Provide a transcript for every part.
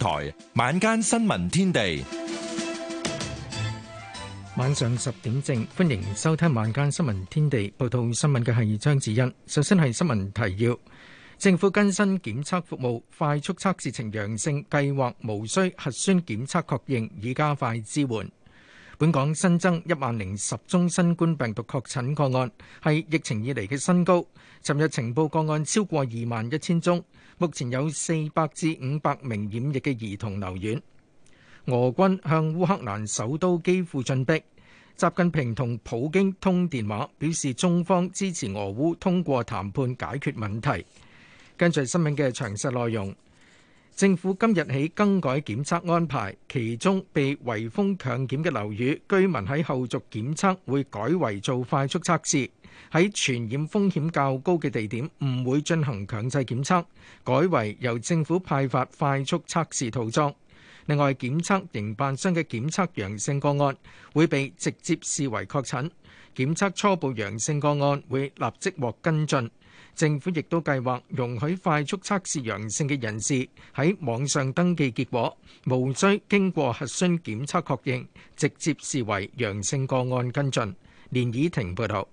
台晚間新聞天地，晚上十點正，歡迎收聽晚間新聞天地。報道新聞嘅係張智欣。首先係新聞提要：政府更新檢測服務，快速測試呈陽性計劃，無需核酸檢測確認，以加快支援。本港新增一萬零十宗新冠病毒確診個案，係疫情以嚟嘅新高。尋日情報個案超過二萬一千宗，目前有四百至五百名染疫嘅兒童留院。俄軍向烏克蘭首都基輔進逼。習近平同普京通電話表示中方支持俄烏通過談判解決問題，跟住係新聞嘅詳細內容。政府今日起更改檢測安排，其中被圍封強檢嘅樓宇居民喺後續檢測會改為做快速測試，喺傳染風險較高嘅地點唔會進行強制檢測，改為由政府派發快速測試套裝，另外，檢測營辦商嘅檢測陽性個案會被直接視為確診，檢測初步陽性個案會立即獲跟進。政府亦都計劃容許快速測試陽性嘅人士喺網上登記結果，無需經過核酸檢測確認，直接視為陽性個案跟進。連綺婷報道。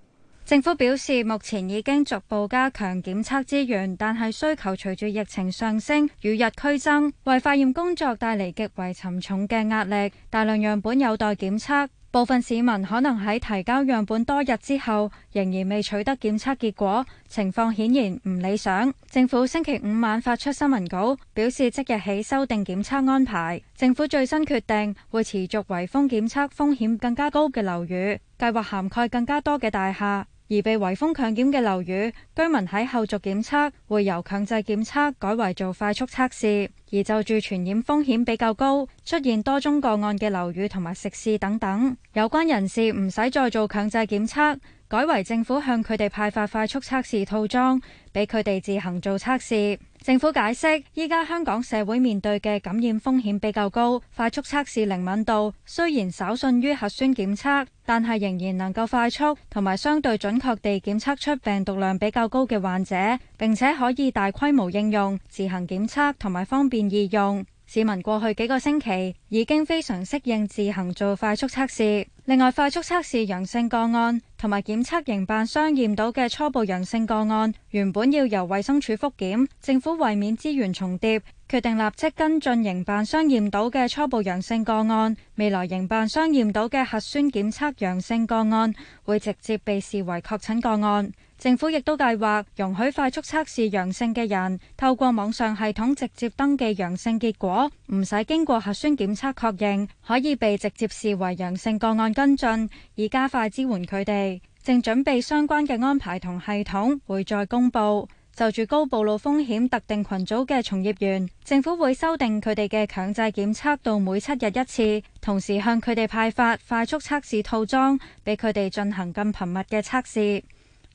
政府表示，目前已經逐步加強檢測資源，但係需求隨住疫情上升與日俱增，為化驗工作帶嚟極為沉重嘅壓力，大量樣本有待檢測。部分市民可能喺提交樣本多日之後，仍然未取得檢測結果，情況顯然唔理想。政府星期五晚發出新聞稿，表示即日起修訂檢測安排。政府最新決定會持續圍封檢測風險更加高嘅樓宇，計劃涵蓋更加多嘅大廈。而被圍封強檢嘅樓宇，居民喺後續檢測會由強制檢測改為做快速測試；而就住傳染風險比較高、出現多宗個案嘅樓宇同埋食肆等等，有關人士唔使再做強制檢測。改為政府向佢哋派發快速測試套裝，俾佢哋自行做測試。政府解釋，依家香港社會面對嘅感染風險比較高，快速測試靈敏度雖然稍遜於核酸檢測，但係仍然能夠快速同埋相對準確地檢測出病毒量比較高嘅患者，並且可以大規模應用、自行檢測同埋方便易用。市民過去幾個星期已經非常適應自行做快速測試。另外，快速測試陽性個案同埋檢測營辦商驗到嘅初步陽性個案，原本要由衛生署複檢，政府為免資源重疊，決定立即跟進營辦商驗到嘅初步陽性個案。未來營辦商驗到嘅核酸檢測陽性個案會直接被視為確診個案。政府亦都計劃容許快速測試陽性嘅人透過網上系統直接登記陽性結果，唔使經過核酸檢測確認，可以被直接視為陽性個案跟進，以加快支援佢哋。正準備相關嘅安排同系統會再公布。就住高暴露風險特定群組嘅從業員，政府會修訂佢哋嘅強制檢測到每七日一次，同時向佢哋派發快速測試套裝，俾佢哋進行更頻密嘅測試。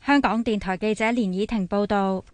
香港電台記者連綺婷報道。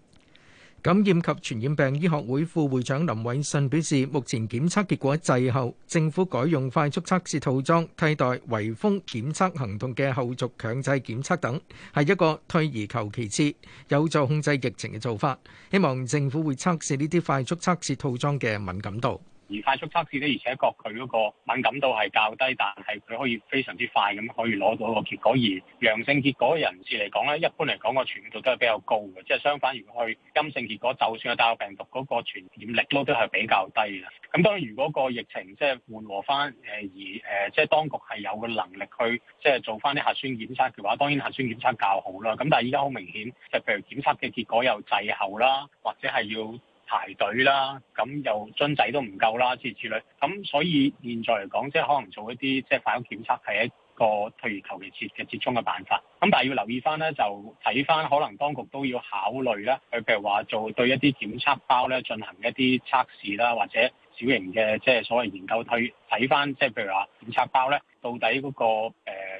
感染及傳染病醫學會副會長林偉信表示，目前檢測結果滯後，政府改用快速測試套裝替代圍封檢測行動嘅後續強制檢測等，係一個退而求其次、有助控制疫情嘅做法。希望政府會測試呢啲快速測試套裝嘅敏感度。而快速測試咧，而且佢嗰個敏感度係較低，但係佢可以非常之快咁可以攞到個結果。而陽性結果嘅人士嚟講咧，一般嚟講個傳染度都係比較高嘅，即係相反，如果去陰性結果，就算係帶有病毒嗰個傳染力都都係比較低嘅。咁當然，如果個疫情即係緩和翻，誒而誒即係當局係有個能力去即係做翻啲核酸檢測嘅話，當然核酸檢測較好啦。咁但係依家好明顯，就係、譬如檢測嘅結果又滯後啦，或者係要排隊啦，咁又樽仔都唔夠啦，諸如此類。咁所以現在嚟講，即係可能做一啲即係快篩檢測係一個退而求其次嘅折中嘅辦法。咁但係要留意翻咧，就睇翻可能當局都要考慮啦。佢譬如話做對一啲檢測包咧進行一啲測試啦，或者小型嘅即係所謂研究，睇睇翻即係譬如話檢測包咧、那個呃，到底嗰個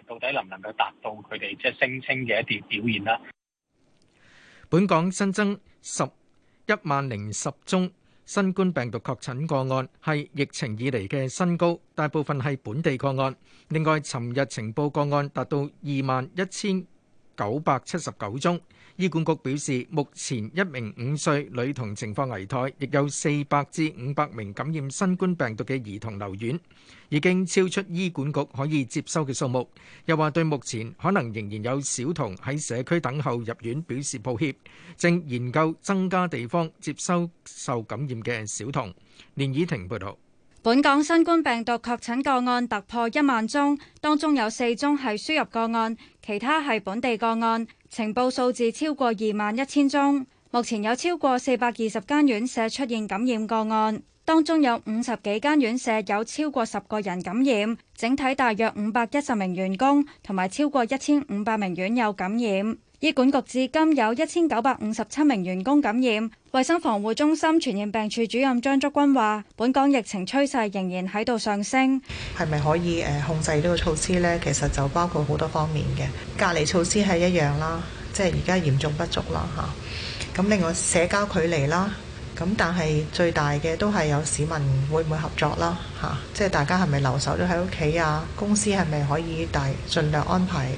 到底能唔能夠達到佢哋即係聲稱嘅一啲表現啦。本港新增十。一萬零十宗新冠病毒確診個案，係疫情以嚟嘅新高，大部分係本地個案。另外，尋日呈報個案達到二萬一千。九百七十九宗。醫管局表示，目前一名五歲女童情況危殆，亦有四百至五百名感染新冠病毒嘅兒童留院，已經超出醫管局可以接收嘅數目。又話對目前可能仍然有小童喺社區等候入院表示抱歉，正研究增加地方接收受感染嘅小童。連以婷報道。本港新冠病毒確診個案突破一萬宗，當中有四宗係輸入個案，其他係本地個案。情報數字超過二萬一千宗。目前有超過四百二十間院舍出現感染個案，當中有五十幾間院舍有超過十個人感染，整體大約五百一十名員工同埋超過一千五百名院友感染。醫管局至今有一千九百五十七名員工感染，衛生防護中心傳染病處主任張竹君話，本港疫情趨勢仍然喺度上升，係咪可以誒，控制呢個措施呢？其實就包括好多方面嘅隔離措施係一樣啦，即係而家嚴重不足啦吓，咁另外社交距離啦。咁但係最大嘅都係有市民會唔會合作啦嚇，啊，即係大家係咪留守都喺屋企啊？公司係咪可以大盡量安排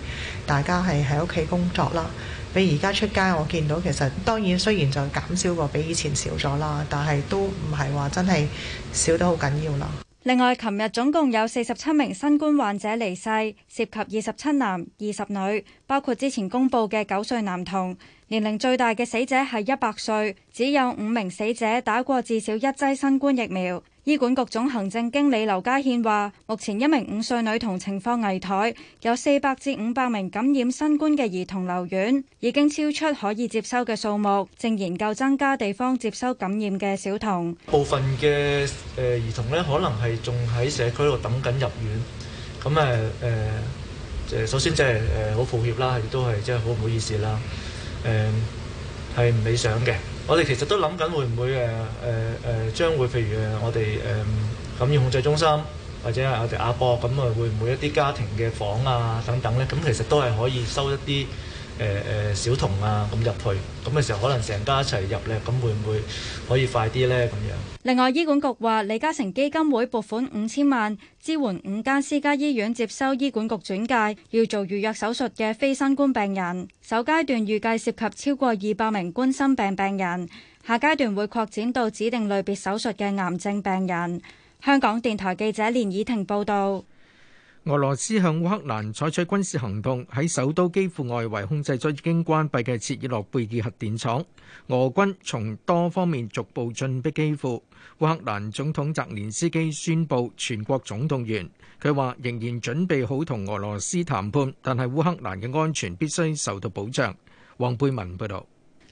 大家係喺屋企工作啦？比而家出街我見到其實當然雖然就減少過比以前少咗啦，但係都唔係話真係少得好緊要啦。另外，琴日總共有四十七名新冠患者離世，涉及二十七男、二十女，包括之前公佈嘅九歲男童。年齡最大嘅死者係一百歲，只有五名死者打過至少一劑新冠疫苗。醫管局總行政經理劉家憲話：目前一名五歲女童情況危殆，有四百至五百名感染新冠嘅兒童留院，已經超出可以接收嘅數目，正研究增加地方接收感染嘅小童。部分嘅誒兒童呢，可能係仲喺社區度等緊入院。咁誒誒，首先即係誒好抱歉啦，亦都係即係好唔好意思啦。誒係唔理想嘅，我哋其實都諗緊會唔會誒誒誒，將、呃呃、會譬如我哋誒感染控制中心，或者係我哋亞博咁、嗯、會會啊，會唔會一啲家庭嘅房啊等等咧，咁、嗯、其實都係可以收一啲誒誒小童啊咁入去，咁嘅時候可能成家一齊入咧，咁、嗯、會唔會可以快啲咧咁樣？另外，醫管局話李嘉誠基金會撥款五千萬支援五間私家醫院接收醫管局轉介要做預約手術嘅非新冠病人，首階段預計涉及超過二百名冠心病病人，下階段會擴展到指定類別手術嘅癌症病人。香港電台記者連以婷報導。俄羅斯向烏克蘭採取軍事行動，喺首都基輔外圍控制咗已經關閉嘅切爾諾貝爾核電廠。俄軍從多方面逐步進逼基輔。烏克蘭總統澤連斯基宣布全國總動員，佢話仍然準備好同俄羅斯談判，但係烏克蘭嘅安全必須受到保障。黃貝文報道。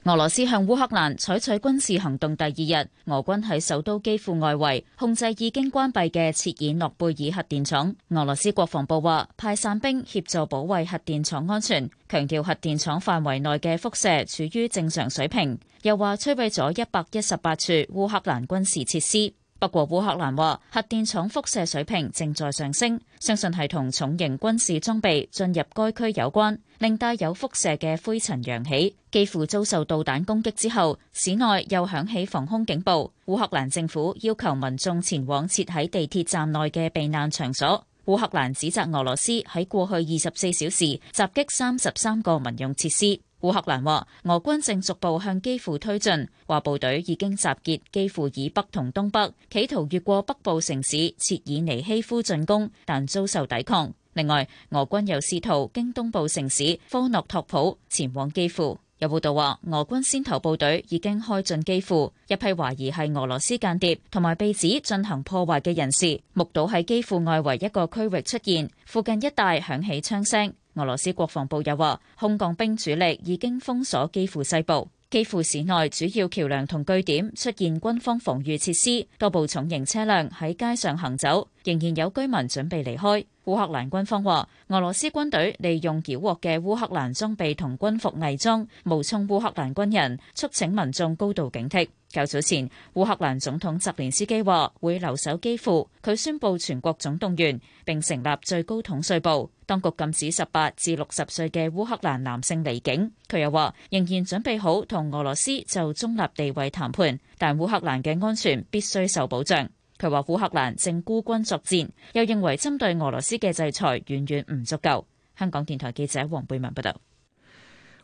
俄羅斯向烏克蘭採取軍事行動第二日，俄軍喺首都基輔外圍控制已經關閉嘅切爾諾貝爾核電廠。俄羅斯國防部話派傘兵協助保衛核電廠安全，強調核電廠範圍內嘅輻射處於正常水平。又話摧毀咗一百一十八處烏克蘭軍事設施。不過烏克蘭話，核電廠輻射水平正在上升，相信係同重型軍事裝備進入該區有關，令帶有輻射嘅灰塵揚起。幾乎遭受導彈攻擊之後，市內又響起防空警報。烏克蘭政府要求民眾前往設喺地鐵站內嘅避難場所。烏克蘭指責俄羅斯喺過去二十四小時襲擊三十三個民用設施。烏克蘭話，俄軍正逐步向基輔推進，話部隊已經集結基輔以北同東北，企圖越過北部城市切爾尼希夫進攻，但遭受抵抗。另外，俄軍又試圖經東部城市科諾托普前往基輔。有報道話，俄軍先頭部隊已經開進基輔，一批懷疑係俄羅斯間諜同埋被指進行破壞嘅人士，目睹喺基輔外圍一個區域出現，附近一帶響起槍聲。俄羅斯國防部又話，空降兵主力已經封鎖基輔西部、基輔市內主要橋梁同據點，出現軍方防禦設施，多部重型車輛喺街上行走，仍然有居民準備離開。烏克蘭軍方話，俄羅斯軍隊利用繳獲嘅烏克蘭裝備同軍服偽裝，冒充烏克蘭軍人，促請民眾高度警惕。較早前，烏克蘭總統澤連斯基話會留守基輔，佢宣布全國總動員，並成立最高統帥部，當局禁止十八至六十歲嘅烏克蘭男性離境。佢又話，仍然準備好同俄羅斯就中立地位談判，但烏克蘭嘅安全必須受保障。佢話烏克蘭正孤軍作戰，又認為針對俄羅斯嘅制裁遠遠唔足夠。香港電台記者黃貝文報道，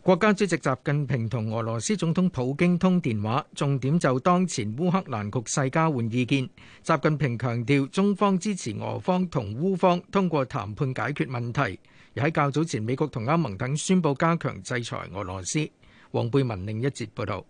國家主席習近平同俄羅斯總統普京通電話，重點就當前烏克蘭局勢交換意見。習近平強調，中方支持俄方同烏方通過談判解決問題。而喺較早前，美國同歐盟等宣布加強制裁俄羅斯。黃貝文另一節報道。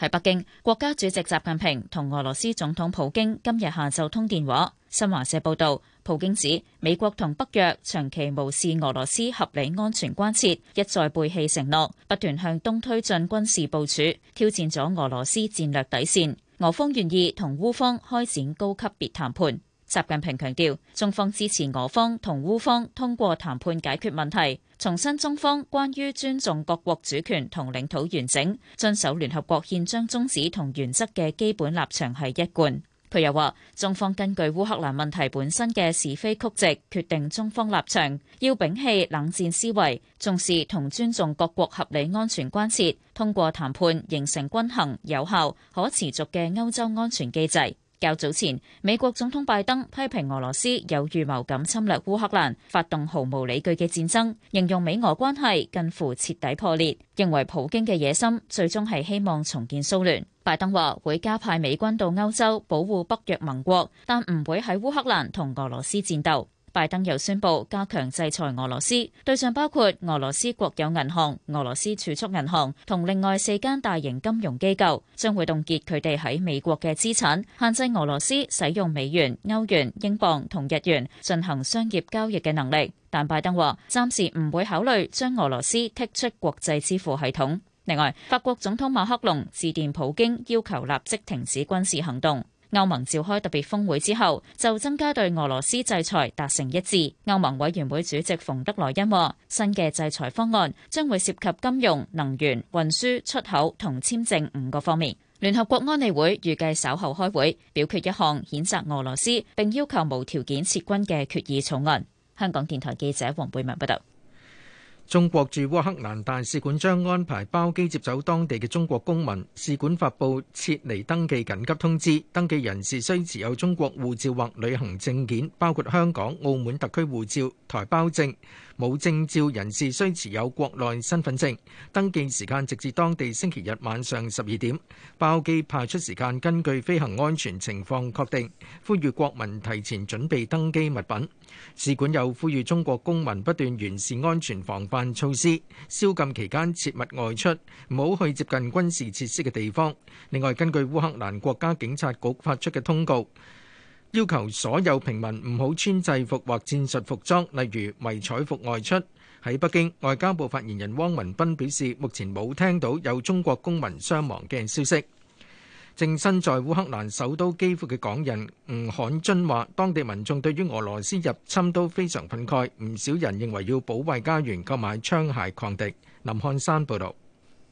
喺北京，國家主席習近平同俄羅斯總統普京今日下晝通電話，新華社報道，普京指美國同北約長期無視俄羅斯合理安全關切，一再背棄承諾，不斷向東推進軍事部署，挑戰咗俄羅斯戰略底線，俄方願意同烏方開展高級別談判。習近平強調，中方支持俄方同烏方通過談判解決問題，重申中方關於尊重各國主權同領土完整、遵守聯合國憲章宗旨同原則嘅基本立場係一貫。佢又話，中方根據烏克蘭問題本身嘅是非曲直，決定中方立場，要摒棄冷戰思維，重視同尊重各國合理安全關切，通過談判形成均衡、有效、可持續嘅歐洲安全機制。較早前，美國總統拜登批評俄羅斯有預謀咁侵略烏克蘭，發動毫無理據嘅戰爭，形容美俄關係近乎徹底破裂，認為普京嘅野心最終係希望重建蘇聯。拜登話會加派美軍到歐洲保護北約盟國，但唔會喺烏克蘭同俄羅斯戰鬥。拜登又宣布加強制裁俄羅斯，對象包括俄羅斯國有銀行、俄羅斯儲蓄銀行同另外四間大型金融機構，將會凍結佢哋喺美國嘅資產，限制俄羅斯使用美元、歐元、英鎊同日元進行商業交易嘅能力。但拜登話暫時唔會考慮將俄羅斯剔出國際支付系統。另外，法國總統馬克龍致電普京，要求立即停止軍事行動。歐盟召開特別峰會之後，就增加對俄羅斯制裁達成一致。歐盟委員會主席馮德萊恩話，新嘅制裁方案將會涉及金融、能源、運輸、出口同簽證五個方面。聯合國安理會預計稍後開會，表決一項譴責俄羅斯並要求無條件撤軍嘅決議草案。香港電台記者黃貝文報道。中國駐烏克蘭大使館將安排包機接走當地嘅中國公民。使館發佈撤離登記緊急通知，登記人士需持有中國護照或旅行證件，包括香港、澳門特區護照、台胞證。冇證照人士需持有國內身份證。登記時間直至當地星期日晚上十二點。包機派出時間根據飛行安全情況確定。呼籲國民提前準備登機物品。使館又呼籲中國公民不斷完善安全防範。措施，宵禁期間切勿外出，唔好去接近軍事設施嘅地方。另外，根據烏克蘭國家警察局發出嘅通告，要求所有平民唔好穿制服或戰術服裝，例如迷彩服外出。喺北京，外交部發言人汪文斌表示，目前冇聽到有中國公民傷亡嘅消息。正身在烏克蘭首都基輔嘅港人吳漢津話，當地民眾對於俄羅斯入侵都非常憤慨，唔少人認為要保衞家園，購買槍械抗敵。林漢山報導，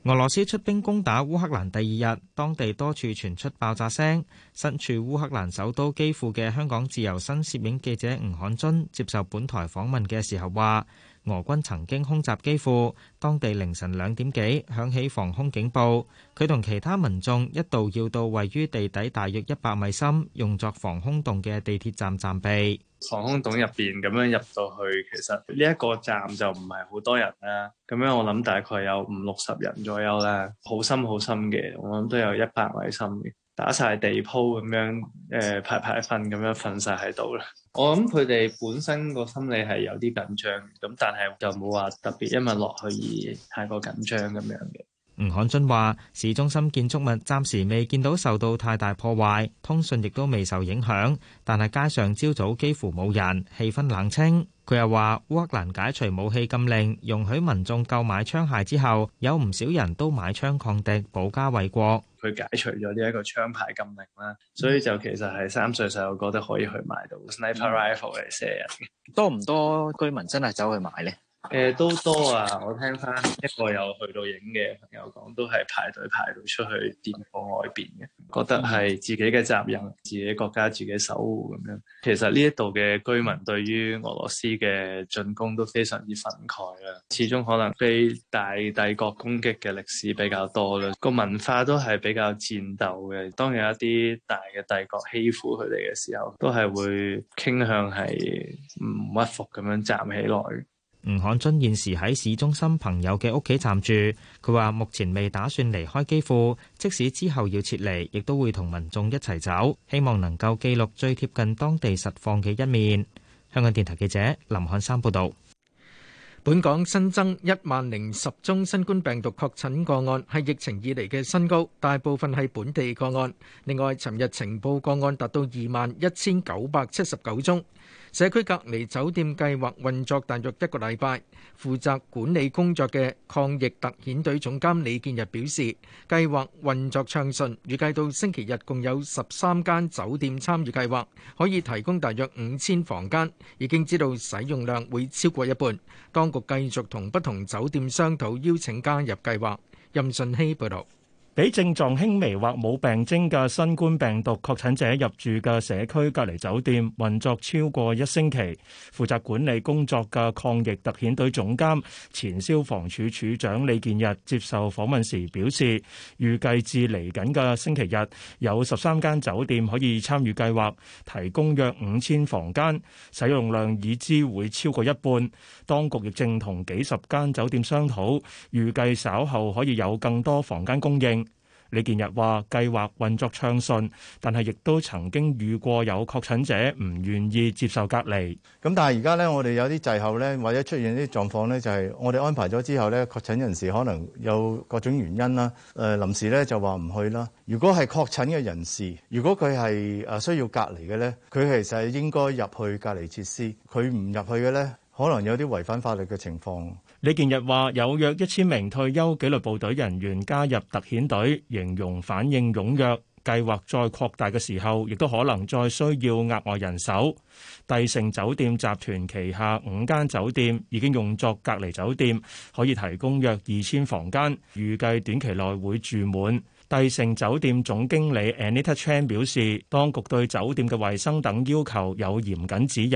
俄羅斯出兵攻打烏克蘭第二日，當地多處傳出爆炸聲。身處烏克蘭首都基輔嘅香港自由身攝影記者吳漢津接受本台訪問嘅時候話：俄軍曾經空襲基輔，當地凌晨兩點幾響起防空警報。佢同其他民眾一度要到位於地底大約一百米深、用作防空洞嘅地鐵站暫避。防空洞入邊，咁樣入到去，其實呢一個站就唔係好多人啦。咁樣我諗大概有五六十人左右啦，好深好深嘅，我諗都有一百米深嘅。打晒地鋪咁樣，誒、呃、排排瞓咁樣瞓晒喺度啦。我諗佢哋本身個心理係有啲緊張，咁但係就冇話特別因為落去而太過緊張咁樣嘅。吳漢津話：市中心建築物暫時未見到受到太大破壞，通訊亦都未受影響，但係街上朝早幾乎冇人，氣氛冷清。佢又話：烏克蘭解除武器禁令，容許民眾購買槍械之後，有唔少人都買槍抗敵，保家衛國。佢解除咗呢一個槍牌禁令啦，嗯、所以就其實係三歲細路哥都可以去買到 sniper rifle 嚟射人。多唔多居民真係走去買咧？誒、欸、都多啊！我聽翻一個有去到影嘅朋友講，都係排隊排到出去店鋪外邊嘅，覺得係自己嘅責任，自己國家自己守護咁樣。其實呢一度嘅居民對於俄羅斯嘅進攻都非常之憤慨啦。始終可能被大帝國攻擊嘅歷史比較多啦，個文化都係比較戰鬥嘅。當有一啲大嘅帝國欺負佢哋嘅時候，都係會傾向係唔屈服咁樣站起來。吳漢津現時喺市中心朋友嘅屋企暫住，佢話目前未打算離開基輔，即使之後要撤離，亦都會同民眾一齊走，希望能夠記錄最貼近當地實況嘅一面。香港電台記者林漢山報道，本港新增一萬零十宗新冠病毒確診個案，係疫情以嚟嘅新高，大部分係本地個案。另外，尋日呈報個案達到二萬一千九百七十九宗。社區隔離酒店計劃運作大約一個禮拜，負責管理工作嘅抗疫特遣隊總監李建日表示，計劃運作暢順，預計到星期日共有十三間酒店參與計劃，可以提供大約五千房間。已經知道使用量會超過一半，當局繼續同不同酒店商討邀請加入計劃。任信希報導。俾症狀輕微或冇病徵嘅新冠病毒確診者入住嘅社區隔離酒店運作超過一星期，負責管理工作嘅抗疫特遣隊總監、前消防處處長李建日接受訪問時表示，預計至嚟緊嘅星期日，有十三間酒店可以參與計劃，提供約五千房間，使用量已知會超過一半。當局亦正同幾十間酒店商討，預計稍後可以有更多房間供應。李建日話：計劃運作暢順，但係亦都曾經遇過有確診者唔願意接受隔離。咁但係而家咧，我哋有啲滯後咧，或者出現啲狀況咧，就係我哋安排咗之後咧，確診人士可能有各種原因啦。誒、呃，臨時咧就話唔去啦。如果係確診嘅人士，如果佢係誒需要隔離嘅咧，佢其實應該入去隔離設施。佢唔入去嘅咧，可能有啲違反法律嘅情況。李建日話：有約一千名退休紀律部隊人員加入特遣隊，形容反應踴躍。計劃再擴大嘅時候，亦都可能再需要額外人手。帝盛酒店集團旗下五間酒店已經用作隔離酒店，可以提供約二千房間，預計短期內會住滿。帝盛酒店總經理 Anita Chan 表示，當局對酒店嘅衛生等要求有嚴謹指引，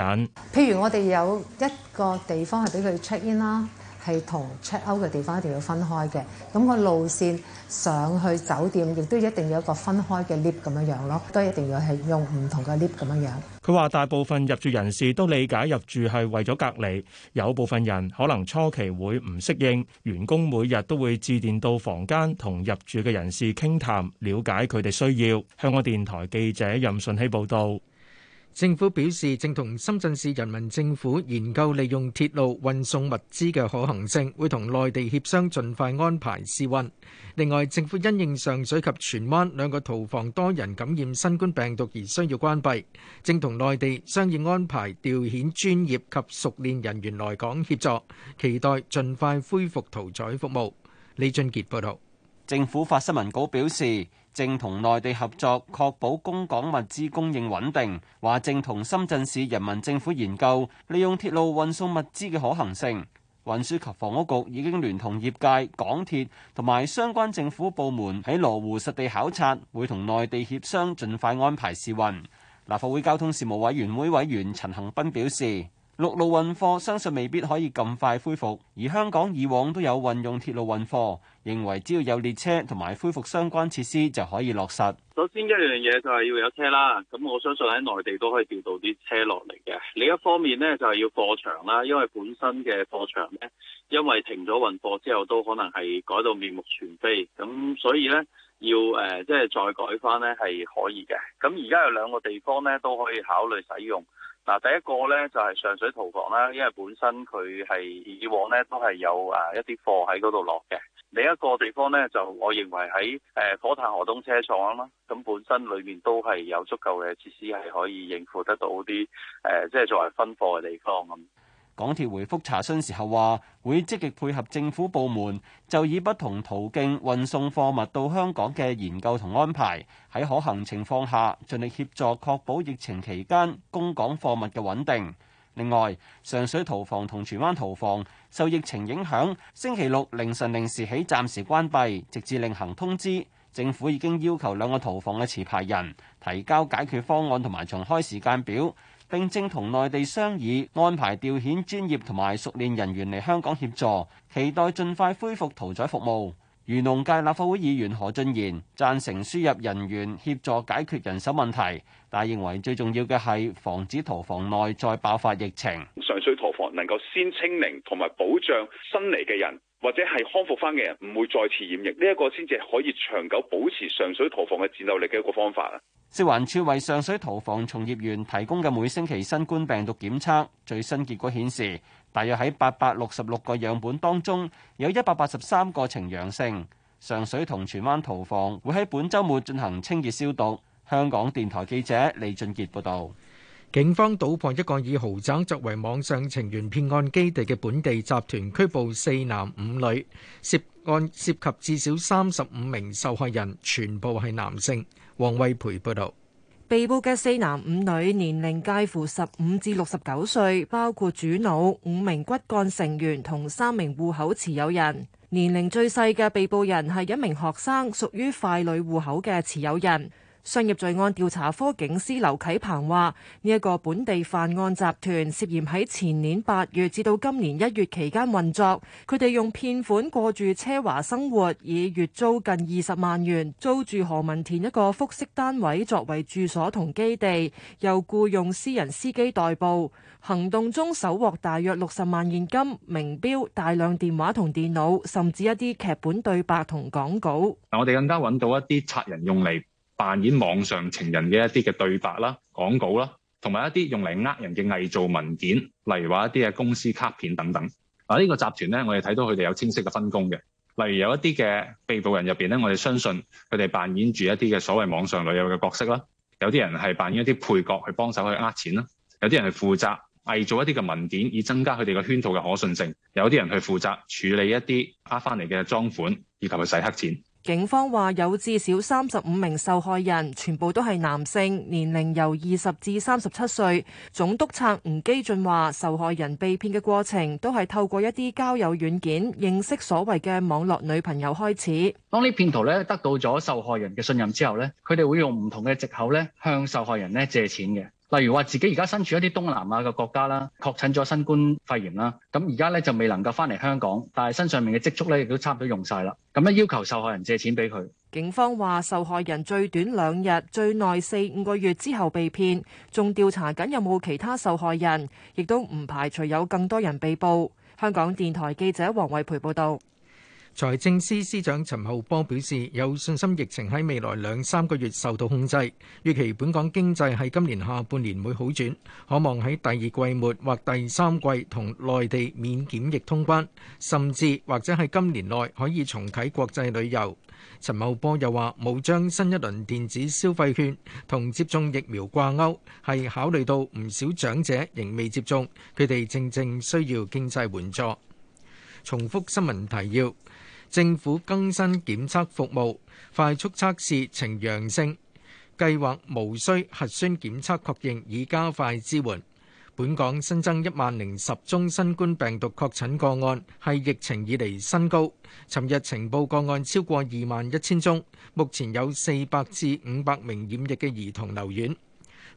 譬如我哋有一個地方係俾佢 check in 啦。係同 check out 嘅地方一定要分開嘅，咁個路線上去酒店亦都一定要一個分開嘅 lift 咁樣樣咯，都一定要係用唔同嘅 lift 咁樣樣。佢話大部分入住人士都理解入住係為咗隔離，有部分人可能初期會唔適應。員工每日都會致電到房間同入住嘅人士傾談，瞭解佢哋需要。香港電台記者任順熙報道。政府表示，正同深圳市人民政府研究利用鐵路運送物資嘅可行性，會同內地協商，盡快安排試運。另外，政府因應上水及荃灣兩個屠房多人感染新冠病毒而需要關閉，正同內地商議安排調遣專業及熟練人員來港協助，期待盡快恢復屠宰服務。李俊傑報道，政府發新聞稿表示。正同內地合作，確保供港物資供應穩定。話正同深圳市人民政府研究，利用鐵路運送物資嘅可行性。運輸及房屋局已經聯同業界、港鐵同埋相關政府部門喺羅湖實地考察，會同內地協商，盡快安排試運。立法會交通事務委員會委員陳恒斌表示。陸路運貨相信未必可以咁快恢復，而香港以往都有運用鐵路運貨，認為只要有列車同埋恢復相關設施就可以落實。首先一樣嘢就係要有車啦，咁我相信喺內地都可以調到啲車落嚟嘅。另一方面呢，就係要貨場啦，因為本身嘅貨場呢，因為停咗運貨之後都可能係改到面目全非，咁所以呢，要誒即係再改返呢係可以嘅。咁而家有兩個地方呢，都可以考慮使用。嗱，第一個咧就係、是、上水屠房啦，因為本身佢係以往咧都係有誒一啲貨喺嗰度落嘅。另一個地方咧就我認為喺誒火炭河東車廠嘛，咁本身裏面都係有足夠嘅設施係可以應付得到啲誒，即、呃、係作為分貨嘅地方咁。港鐵回覆查詢時候話，會積極配合政府部門就以不同途徑運送貨物到香港嘅研究同安排，喺可行情況下盡力協助確保疫情期間供港貨物嘅穩定。另外，上水屠房同荃灣屠房受疫情影響，星期六凌晨零時起暫時關閉，直至另行通知。政府已經要求兩個屠房嘅持牌人提交解決方案同埋重開時間表。並正同內地商議安排調遣專業同埋熟練人員嚟香港協助，期待盡快恢復屠宰服務。漁農界立法會議員何俊賢贊成輸入人員協助解決人手問題，但係認為最重要嘅係防止屠房內再爆發疫情。上水屠房能夠先清零同埋保障新嚟嘅人或者係康復翻嘅人唔會再次染疫，呢一個先至可以長久保持上水屠房嘅戰鬥力嘅一個方法啊！食環署為上水屠房從業員提供嘅每星期新冠病毒檢測最新結果顯示，大約喺八百六十六個樣本當中，有一百八十三個呈陽性。上水同荃灣屠房會喺本週末進行清潔消毒。香港電台記者李俊傑報道。警方搗破一個以豪宅作為網上情緣騙案基地嘅本地集團，拘捕四男五女，涉案涉及至少三十五名受害人，全部係男性。黃惠培報道，被捕嘅四男五女年齡介乎十五至六十九歲，包括主腦、五名骨幹成員同三名戶口持有人。年齡最細嘅被捕人係一名學生，屬於傀儡戶口嘅持有人。商業罪案調查科警司劉啟鵬話：呢一個本地犯案集團涉嫌喺前年八月至到今年一月期間運作，佢哋用騙款過住奢華生活，以月租近二十萬元租住何文田一個複式單位作為住所同基地，又僱用私人司機代步。行動中搜獲大約六十萬現金、名表、大量電話同電腦，甚至一啲劇本對白同講稿。我哋更加揾到一啲賊人用嚟。扮演網上情人嘅一啲嘅對白啦、廣告啦，同埋一啲用嚟呃人嘅偽造文件，例如話一啲嘅公司卡片等等。嗱、啊，呢、呢個集團咧，我哋睇到佢哋有清晰嘅分工嘅。例如有一啲嘅被捕人入邊咧，我哋相信佢哋扮演住一啲嘅所謂網上女友嘅角色啦。有啲人係扮演一啲配角去幫手去呃錢啦。有啲人係負責偽造一啲嘅文件，以增加佢哋嘅圈套嘅可信性。有啲人去負責處理一啲呃返嚟嘅贓款，以及去洗黑錢。警方話有至少三十五名受害人，全部都係男性，年齡由二十至三十七歲。總督察吳基俊話：受害人被騙嘅過程都係透過一啲交友軟件認識所謂嘅網絡女朋友開始。當呢騙徒咧得到咗受害人嘅信任之後咧，佢哋會用唔同嘅藉口咧向受害人咧借錢嘅。例如話自己而家身處一啲東南亞嘅國家啦，確診咗新冠肺炎啦，咁而家咧就未能夠翻嚟香港，但係身上面嘅積蓄咧亦都差唔多用晒啦，咁樣要求受害人借錢俾佢。警方話受害人最短兩日、最耐四五個月之後被騙，仲調查緊有冇其他受害人，亦都唔排除有更多人被捕。香港電台記者黃惠培報道。財政司司長陳茂波表示，有信心疫情喺未來兩三個月受到控制，預期本港經濟喺今年下半年會好轉，可望喺第二季末或第三季同內地免檢疫通關，甚至或者喺今年內可以重啟國際旅遊。陳茂波又話，冇將新一輪電子消費券同接種疫苗掛鈎，係考慮到唔少長者仍未接種，佢哋正正需要經濟援助。重複新聞提要：政府更新檢測服務，快速測試呈陽性，計劃無需核酸檢測確認，以加快支援。本港新增一萬零十宗新冠病毒確診個案，係疫情以嚟新高。尋日情報個案超過二萬一千宗，目前有四百至五百名染疫嘅兒童留院。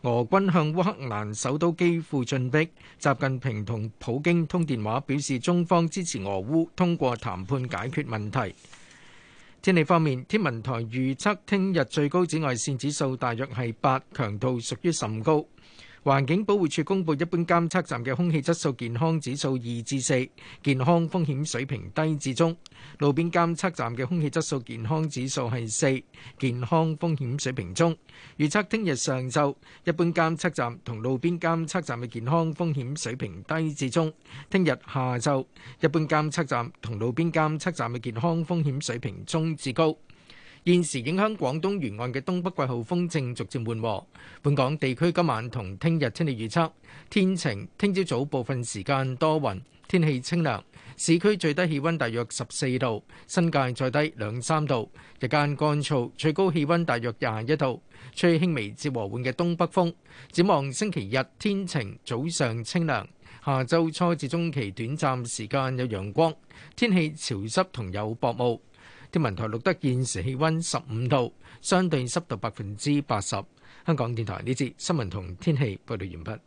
俄軍向烏克蘭首都基輔進逼。習近平同普京通電話，表示中方支持俄烏通過談判解決問題。天氣方面，天文台預測聽日最高紫外綫指數大約係八，強度屬於甚高。環境保護署公布一般監測站嘅空氣質素健康指數二至四，健康風險水平低至中；路邊監測站嘅空氣質素健康指數係四，健康風險水平中。預測聽日上晝，一般監測站同路邊監測站嘅健康風險水平低至中；聽日下晝，一般監測站同路邊監測站嘅健康風險水平中至高。現時影響廣東沿岸嘅東北季候風正逐漸緩和。本港地區今晚同聽日天氣預測天：天晴，聽朝早，早部分時間多雲，天氣清涼，市區最低氣温大約十四度，新界再低兩三度。日間乾燥，最高氣温大約廿一度，吹輕微至和緩嘅東北風。展望星期日天晴，早上清涼，下週初至中期短暫時間有陽光，天氣潮濕同有薄霧。天文台錄得現時氣温十五度，相對濕度百分之八十。香港電台呢節新聞同天氣報道完畢。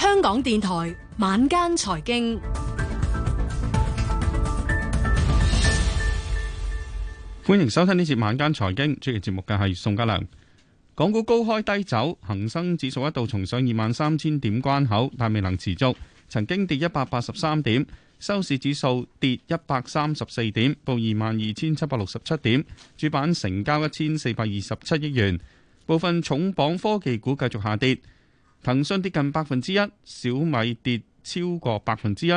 香港電台晚間財經，歡迎收聽呢節晚間財經。主持節目嘅係宋家良。港股高開低走，恒生指數一度重上二萬三千點關口，但未能持續，曾經跌一百八十三點。收市指數跌一百三十四點，報二萬二千七百六十七點。主板成交一千四百二十七億元。部分重磅科技股繼續下跌，騰訊跌近百分之一，小米跌超過百分之一。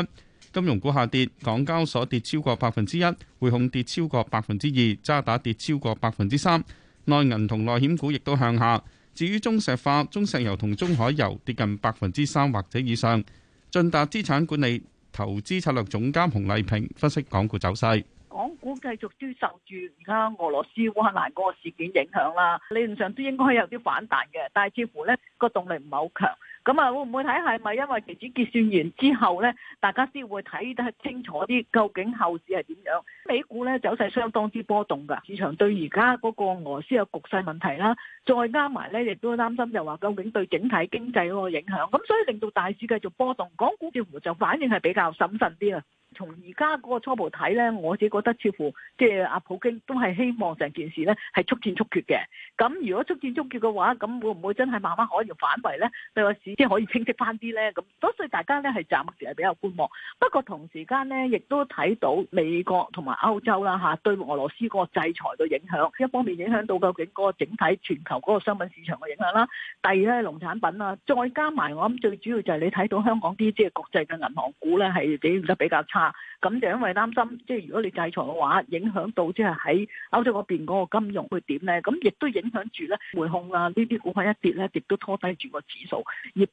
金融股下跌，港交所跌超過百分之一，匯控跌超過百分之二，渣打跌超過百分之三。內銀同內險股亦都向下。至於中石化、中石油同中海油跌近百分之三或者以上。晉達資產管理投資策略總監洪麗萍分析港股走勢：港股繼續都受住而家俄羅斯烏克蘭嗰個事件影響啦，理論上都應該有啲反彈嘅，但係似乎咧個動力唔係好強。咁啊，會唔會睇係咪因為期指結算完之後呢，大家先會睇得清楚啲，究竟後市係點樣。美股呢，走勢相當之波動，噶市場對而家嗰個俄羅斯嘅局勢問題啦，再加埋呢亦都擔心就話究竟對整體經濟嗰個影響，咁所以令到大市繼續波動，港股似乎就反應係比較審慎啲啊。從而家嗰個初步睇呢，我自己覺得似乎即係阿普京都係希望成件事呢，係速戰速決嘅。咁如果速戰速決嘅話，咁會唔會真係慢慢可以反圍呢？你話市？即係可以清晰翻啲咧，咁所以大家咧係暫時係比較觀望。不過同時間咧，亦都睇到美國同埋歐洲啦嚇，對俄羅斯個制裁嘅影響，一方面影響到究竟嗰個整體全球嗰個商品市場嘅影響啦。第二咧，農產品啊，再加埋我諗最主要就係你睇到香港啲即係國際嘅銀行股咧係表現得比較差。咁就因為擔心，即係如果你制裁嘅話，影響到即係喺歐洲嗰邊嗰個金融會點咧，咁亦都影響住咧匯控啊，呢啲股份一跌咧，亦都拖低住個指數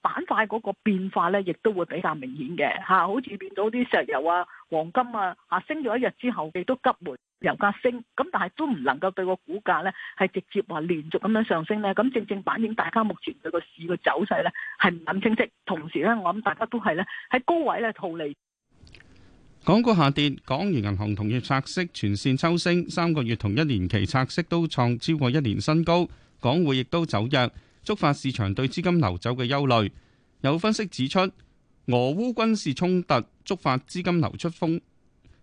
板塊嗰個變化咧，亦都會比較明顯嘅吓，好似變咗啲石油啊、黃金啊，吓升咗一日之後，亦都急回油價升，咁但係都唔能夠對個股價咧係直接話連續咁樣上升咧，咁正正反映大家目前對個市嘅走勢咧係唔咁清晰。同時咧，我諗大家都係咧喺高位咧套利。港股下跌，港元銀行同業拆息全線抽升，三個月同一年期拆息都創超過一年新高，港匯亦都走弱。觸發市場對資金流走嘅憂慮。有分析指出，俄烏軍事衝突觸發資金流出風，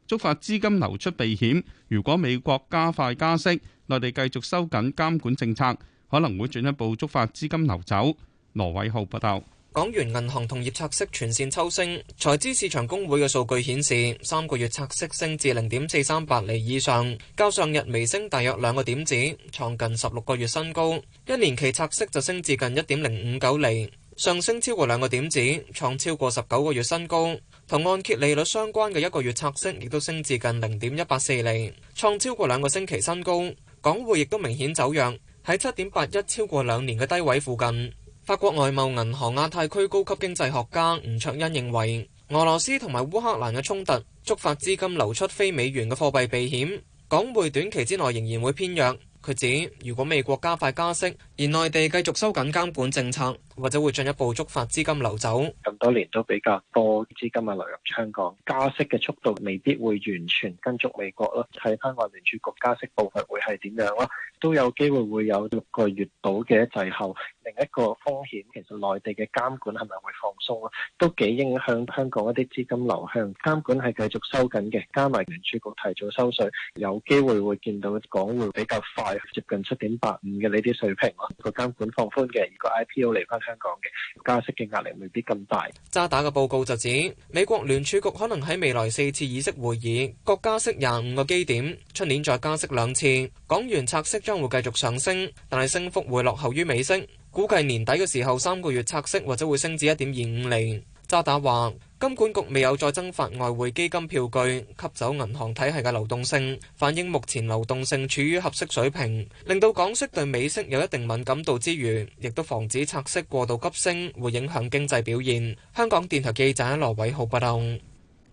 觸發資金流出避險。如果美國加快加息，內地繼續收緊監管政策，可能會進一步觸發資金流走。羅偉浩報道。港元銀行同業拆息全線抽升，財資市場公會嘅數據顯示，三個月拆息升至零點四三八厘以上，較上日微升大約兩個點子，創近十六個月新高。一年期拆息就升至近一點零五九厘，上升超過兩個點子，創超過十九個月新高。同按揭利率相關嘅一個月拆息亦都升至近零點一八四厘，創超過兩個星期新高。港匯亦都明顯走弱，喺七點八一超過兩年嘅低位附近。法國外貿銀行亞太區高級經濟學家吳卓恩認為，俄羅斯同埋烏克蘭嘅衝突觸發資金流出非美元嘅貨幣避險，港匯短期之內仍然會偏弱。佢指，如果美國加快加息，而內地繼續收緊監管政策。或者會進一步觸發資金流走，咁多年都比較多資金啊流入香港。加息嘅速度未必會完全跟足美國咯，睇翻話聯儲局加息步伐會係點樣咯，都有機會會有六個月到嘅滯後。另一個風險其實內地嘅監管係咪會放鬆咯，都幾影響香港一啲資金流向。監管係繼續收緊嘅，加埋聯儲局提早收稅，有機會會見到港匯比較快接近七點八五嘅呢啲水平咯。個監管放寬嘅，如果 IPO 嚟翻，香港嘅加息嘅壓力未必咁大。渣打嘅報告就指，美國聯儲局可能喺未來四次議息會議各加息廿五個基點，出年再加息兩次。港元拆息將會繼續上升，但係升幅會落後於美息。估計年底嘅時候，三個月拆息或者會升至一點二五厘。渣打話。金管局未有再增發外匯基金票據，吸走銀行體系嘅流動性，反映目前流動性處於合適水平，令到港息對美息有一定敏感度之餘，亦都防止拆息過度急升，會影響經濟表現。香港電台記者羅偉浩報道。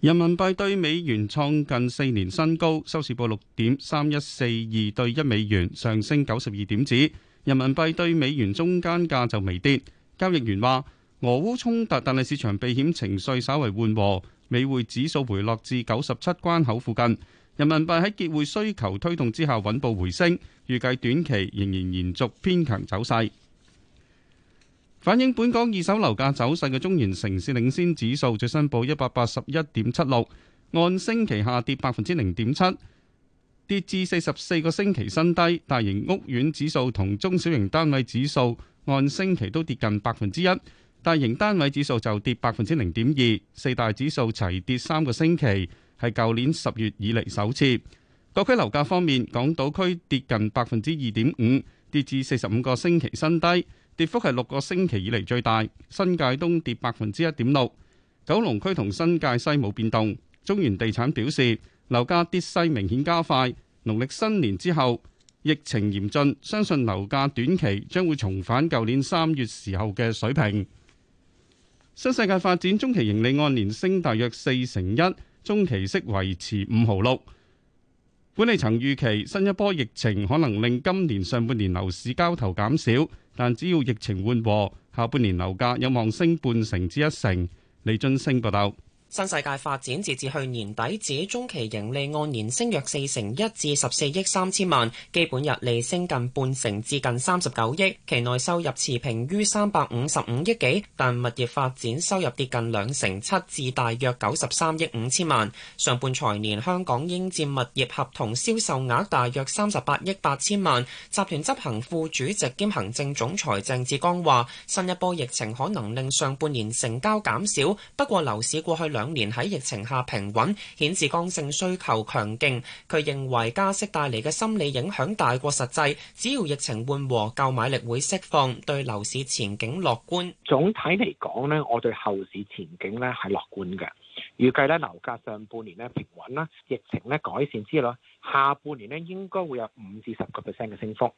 人民幣對美元創近四年新高，收市報六點三一四二對一美元，上升九十二點子。人民幣對美元中間價就微跌。交易員話，俄烏衝突，但係市場避險情緒稍為緩和，美匯指數回落至九十七關口附近。人民幣喺結匯需求推動之下穩步回升，預計短期仍然延續偏強走勢。反映本港二手樓價走勢嘅中原城市領先指數最新報一百八十一點七六，按星期下跌百分之零點七，跌至四十四個星期新低。大型屋苑指數同中小型單位指數按星期都跌近百分之一。大型單位指數就跌百分之零點二，四大指數齊跌三個星期，係舊年十月以嚟首次。各區樓價方面，港島區跌近百分之二點五，跌至四十五個星期新低，跌幅係六個星期以嚟最大。新界東跌百分之一點六，九龍區同新界西冇變動。中原地產表示，樓價跌勢明顯加快，農曆新年之後，疫情嚴峻，相信樓價短期將會重返舊年三月時候嘅水平。新世界發展中期盈利按年升大約四成一，中期息維持五毫六。管理層預期新一波疫情可能令今年上半年樓市交投減少，但只要疫情緩和，下半年樓價有望升半成至一成。李俊升報道。新世界發展截至去年底止中期盈利按年升約四成一，至十四億三千萬，基本日利升近半成，至近三十九億。期內收入持平於三百五十五億幾，但物業發展收入跌近兩成七，至大約九十三億五千萬。上半財年香港應佔物業合同銷售額大約三十八億八千萬。集團執行副主席兼行政總裁鄭志剛話，新一波疫情可能令上半年成交減少，不過樓市過去兩兩年喺疫情下平穩，顯示剛性需求強勁。佢認為加息帶嚟嘅心理影響大過實際。只要疫情緩和，購買力會釋放，對樓市前景樂觀。總體嚟講呢，我對後市前景呢係樂觀嘅。預計咧樓價上半年呢平穩啦，疫情咧改善之後咧，下半年呢應該會有五至十個 percent 嘅升幅。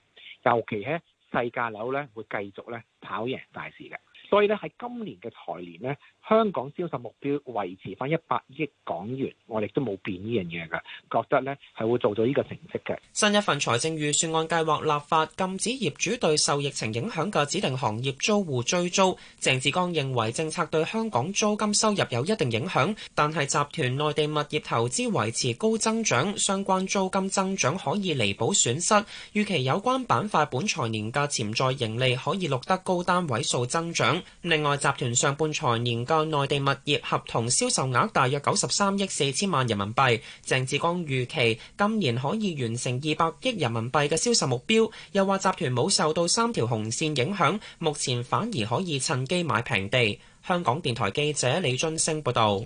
尤其喺細價樓咧會繼續咧跑贏大市嘅。所以咧喺今年嘅財年呢，香港銷售目標維持翻一百億港元，我哋都冇變呢樣嘢㗎，覺得呢，係會做到呢個成績嘅。新一份財政預算案計劃立法禁止業主對受疫情影響嘅指定行業租戶追租。鄭志剛認為政策對香港租金收入有一定影響，但係集團內地物業投資維持高增長，相關租金增長可以彌補損失。預期有關板塊本財年嘅潛在盈利可以錄得高單位數增長。另外，集團上半財年嘅內地物業合同銷售額大約九十三億四千萬人民幣。鄭志剛預期今年可以完成二百億人民幣嘅銷售目標，又話集團冇受到三條紅線影響，目前反而可以趁機買平地。香港電台記者李俊升報導。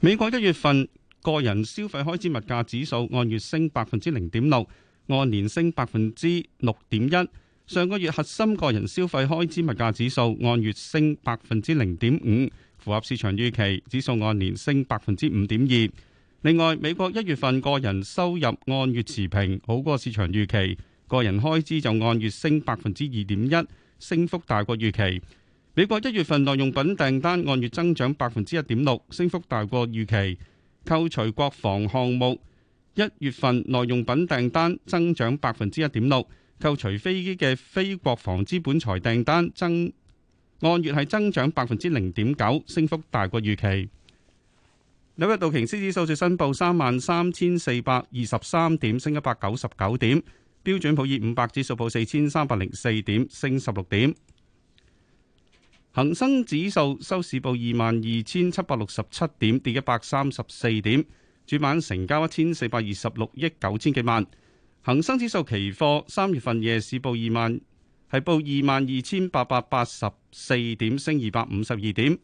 美國一月份個人消費開支物價指數按月升百分之零點六，按年升百分之六點一。上個月核心個人消費開支物價指數按月升百分之零點五，符合市場預期。指數按年升百分之五點二。另外，美國一月份個人收入按月持平，好過市場預期。個人開支就按月升百分之二點一，升幅大過預期。美國一月份耐用品訂單按月增長百分之一點六，升幅大過預期。扣除國防項目，一月份耐用品訂單增長百分之一點六。扣除飛機嘅非國防資本財訂單增，按月係增長百分之零點九，升幅大過預期。紐約道瓊斯指數最新報三萬三千四百二十三點，升一百九十九點。標準普爾五百指數報四千三百零四點，升十六點。恒生指數收市報二萬二千七百六十七點，跌一百三十四點。主板成交一千四百二十六億九千幾萬。恒生指數期貨三月份夜市報二萬，係報二萬二千八百八十四點，升二百五十二點。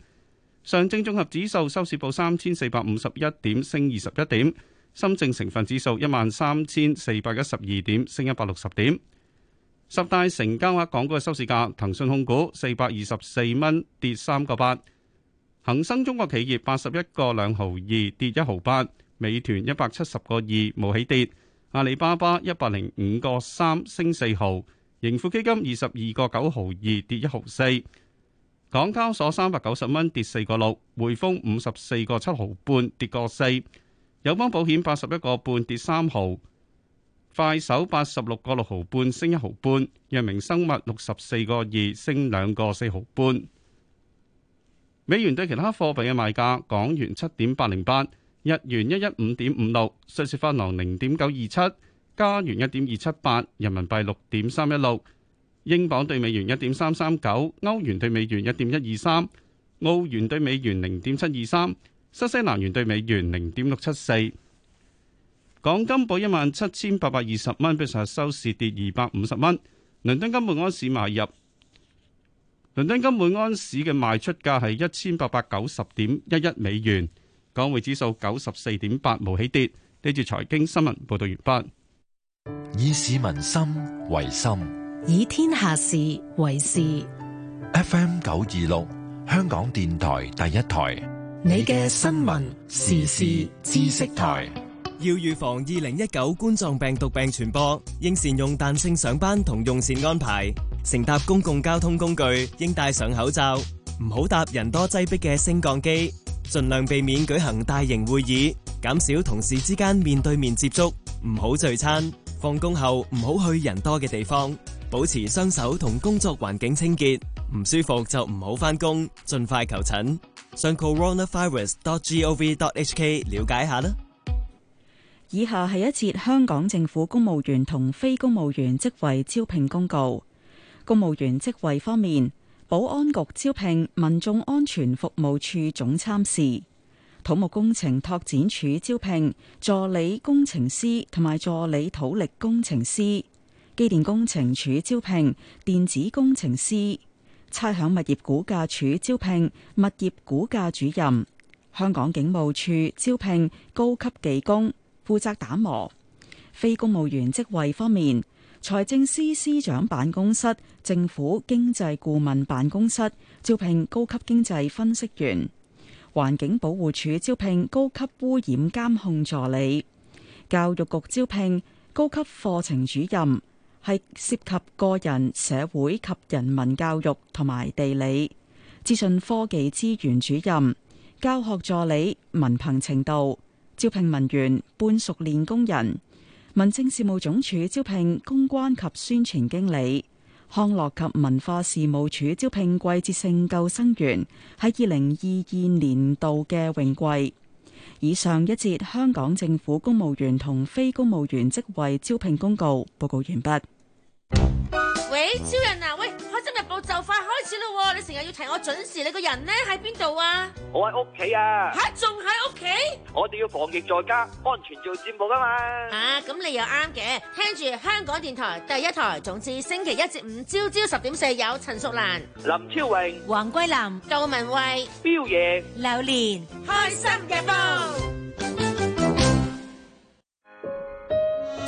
上證綜合指數收市報三千四百五十一點，升二十一點。深證成分指數一萬三千四百一十二點，升一百六十點。十大成交額港股嘅收市價：騰訊控股四百二十四蚊，跌三個八。恒生中國企業八十一個兩毫二，跌一毫八。美團一百七十個二，冇起跌。阿里巴巴一百零五個三升四毫，盈富基金二十二個九毫二跌一毫四，港交所三百九十蚊跌四個六，匯豐五十四個七毫半跌個四，友邦保險八十一個半跌三毫，快手八十六個六毫半升一毫半，藥明生物六十四個二升兩個四毫半，美元兌其他貨幣嘅賣價，港元七點八零八。日元一一五點五六，瑞士法郎零點九二七，加元一點二七八，人民幣六點三一六，英鎊對美元一點三三九，歐元對美元一點一二三，澳元對美元零點七二三，新西蘭元對美元零點六七四。港金報一萬七千八百二十蚊，比上收市跌二百五十蚊。倫敦金本安士買入，倫敦金本安士嘅賣出價係一千八百九十點一一美元。港匯指數九十四點八，冇起跌。呢段財經新聞報道完畢。以市民心為心，以天下事為事。FM 九二六，香港電台第一台。你嘅新聞時事知識台。要預防二零一九冠狀病毒病傳播，應善用彈性上班同用膳安排。乘搭公共交通工具應戴上口罩，唔好搭人多擠迫嘅升降機。盡量避免舉行大型會議，減少同事之間面對面接觸，唔好聚餐。放工後唔好去人多嘅地方，保持雙手同工作環境清潔。唔舒服就唔好返工，盡快求診。上 coronavirus.gov.hk 了解下啦。以下係一節香港政府公務員同非公務員職位招聘公告。公務員職位方面。保安局招聘民眾安全服務處總參事，土木工程拓展處招聘助理工程師同埋助理土力工程師，機電工程處招聘電子工程師，差餉物業估價署招聘物業估價主任，香港警務處招聘高級技工負責打磨。非公務員職位方面。財政司司長辦公室、政府經濟顧問辦公室招聘高級經濟分析員；環境保護署招聘高級污染監控助理；教育局招聘高級課程主任，係涉及個人、社會及人民教育同埋地理；資訊科技資源主任、教學助理、文憑程度招聘文員、半熟練工人。民政事務總署招聘公關及宣傳經理，康樂及文化事務署招聘季節性救生員，喺二零二二年度嘅泳季。以上一節香港政府公務員同非公務員職位招聘公告，報告完畢。喂，超人啊，喂。我就快開始咯，你成日要提我準時，你個人呢喺邊度啊？我喺屋企啊！吓，仲喺屋企？我哋要防疫在家，安全做節目噶嘛？啊，咁你又啱嘅，聽住香港電台第一台，總之星期一至五朝朝十點四有陳淑蘭、林超榮、黃桂林、杜文慧、標爺爺、劉蓮蓮，開心日報。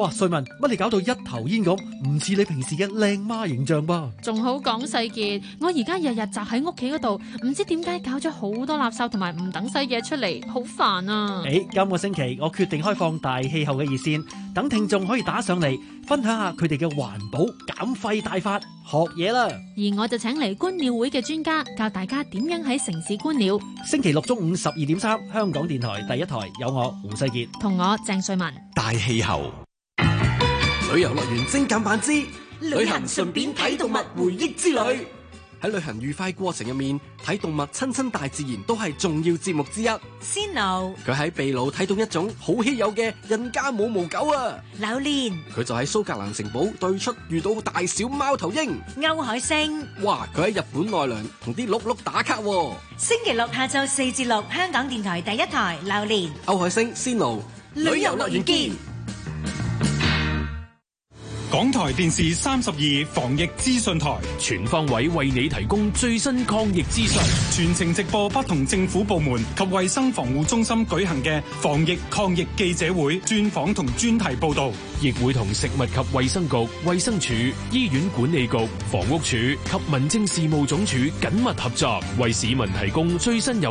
哇！瑞文，乜你搞到一頭煙咁，唔似你平時嘅靚媽形象噃。仲好講，世杰，我而家日日宅喺屋企嗰度，唔知點解搞咗好多垃圾同埋唔等使嘢出嚟，好煩啊！誒、欸，今個星期我決定開放大氣候嘅熱線，等聽眾可以打上嚟分享下佢哋嘅環保減廢大法，學嘢啦。而我就請嚟觀鳥會嘅專家教大家點樣喺城市觀鳥。星期六中午十二點三，3, 香港電台第一台有我胡世杰同我鄭瑞文大氣候。旅遊樂園精簡版之旅行，順便睇動物回憶之旅。喺旅行愉快過程入面睇動物，親親大自然都係重要節目之一。Snou，佢喺秘魯睇到一種好稀有嘅印加冇毛狗啊！劉蓮，佢就喺蘇格蘭城堡對出遇到大小貓頭鷹。歐海星，哇！佢喺日本奈良同啲鹿鹿打卡。星期六下晝四至六，香港電台第一台劉蓮、歐海星、Snou 旅遊樂園見。港台電視三十二防疫資訊台全方位為你提供最新抗疫資訊，全程直播不同政府部門及衛生防護中心舉行嘅防疫抗疫記者會、專訪同專題報道，亦會同食物及衛生局、衛生署、醫院管理局、房屋署及民政事務總署緊密合作，為市民提供最新有。